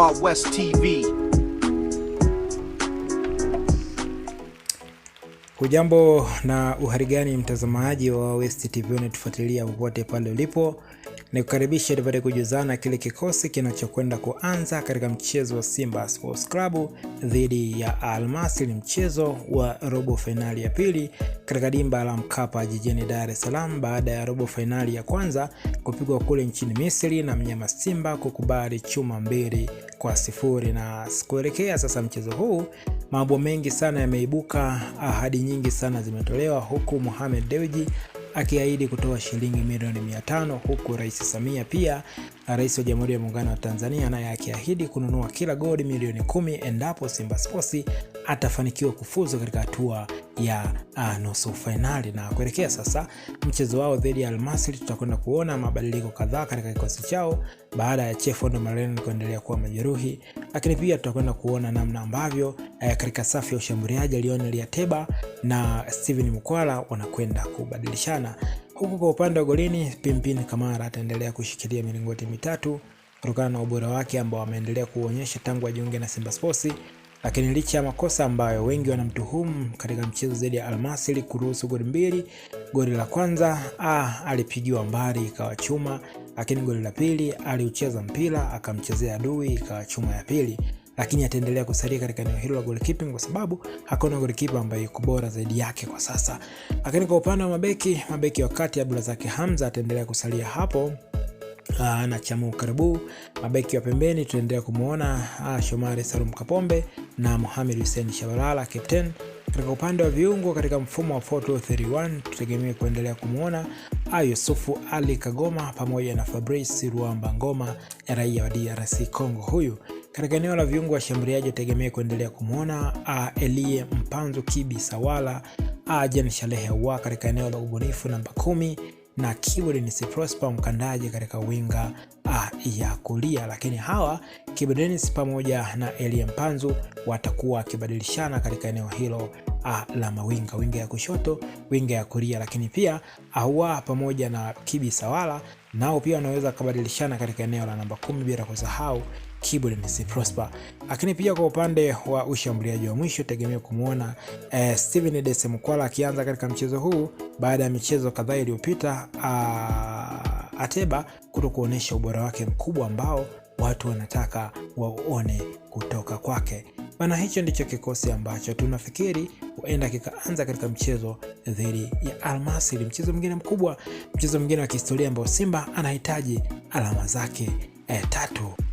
Wild West TV. Hujambo na uharigani mtazamaji wa West TV unatufuatilia popote pale ulipo, ni kukaribisha tupate kujuzana kile kikosi kinachokwenda kuanza katika mchezo wa Simba Sports Club dhidi ya Al Masry, mchezo wa robo fainali ya pili katika dimba la Mkapa jijini Dar es Salaam, baada ya robo fainali ya kwanza kupigwa kule nchini Misri na mnyama Simba kukubali chuma mbili kwa sifuri, na sikuelekea sasa mchezo huu, mambo mengi sana yameibuka, ahadi nyingi sana zimetolewa, huku Mohamed Dewji akiahidi kutoa shilingi milioni mia tano huku Rais Samia pia, rais wa Jamhuri ya Muungano wa Tanzania, naye akiahidi kununua kila goli milioni kumi endapo Simba sposi atafanikiwa kufuzu katika hatua ya uh, nusu fainali. Na kuelekea sasa mchezo wao dhidi ya Almasri, tutakwenda kuona mabadiliko kadhaa katika kikosi chao baada ya Chef Ondo Malen kuendelea kuwa majeruhi, lakini pia tutakwenda kuona namna ambavyo uh, katika safu ya ushambuliaji Lionel Yateba na stehen mkwala wanakwenda kubadilishana, huku kwa upande wa golini Pimpin Kamara ataendelea kushikilia milingoti mitatu kutokana na ubora wake ambao ameendelea kuonyesha tangu ajiunge na Simba sposi lakini licha ya makosa ambayo wengi wanamtuhumu katika mchezo zaidi ya Almasili kuruhusu goli mbili, goli la kwanza ah, alipigiwa mbali ikawa chuma, lakini goli la pili aliucheza mpira akamchezea adui ikawa chuma ya pili lakini ataendelea kusalia katika eneo hilo la goalkeeping kwa sababu hakuna goalkeeper ambaye yuko bora zaidi yake kwa sasa. Lakini kwa upande wa mabeki, mabeki wakati kati Hamza ataendelea kusalia hapo Ah, na Chamu Karibu, mabeki wa pembeni tunaendelea kumwona ah, Shomari Salum Kapombe na Mohamed Hussein Shabalala captain. Katika upande wa viungo katika mfumo wa 4231 tutegemee kuendelea kumwona ah, Yusufu Ali Kagoma pamoja na Fabrice Ruamba Ngoma ya raia wa DRC Congo huyu. Katika eneo la viungo washambuliaji wategemee kuendelea kumwona Elie Mpanzu Kibi Sawala, uh, Jean Shalehe wa katika eneo la ubunifu namba kumi na Kibu ni Prosper mkandaji katika winga ah, ya kulia, lakini hawa Kibu pamoja na Elie Mpanzu watakuwa wakibadilishana katika eneo hilo ah, la mawinga, winga ya kushoto, winga ya kulia, lakini pia Ahoua pamoja na Kibi Sawala nao pia wanaweza wakabadilishana katika eneo la namba kumi bila kusahau keyboard si Prosper. Lakini pia kwa upande wa ushambuliaji wa mwisho tegemea kumwona eh, Steven Dese Mukwala akianza katika mchezo huu baada ya michezo kadhaa iliyopita ah, Ateba kuto kuonyesha ubora wake mkubwa ambao watu wanataka waone kutoka kwake. Maana hicho ndicho kikosi ambacho tunafikiri huenda kikaanza katika mchezo dhidi ya Almasili, mchezo mwingine mkubwa, mchezo mwingine wa kihistoria ambao Simba anahitaji alama zake eh, tatu.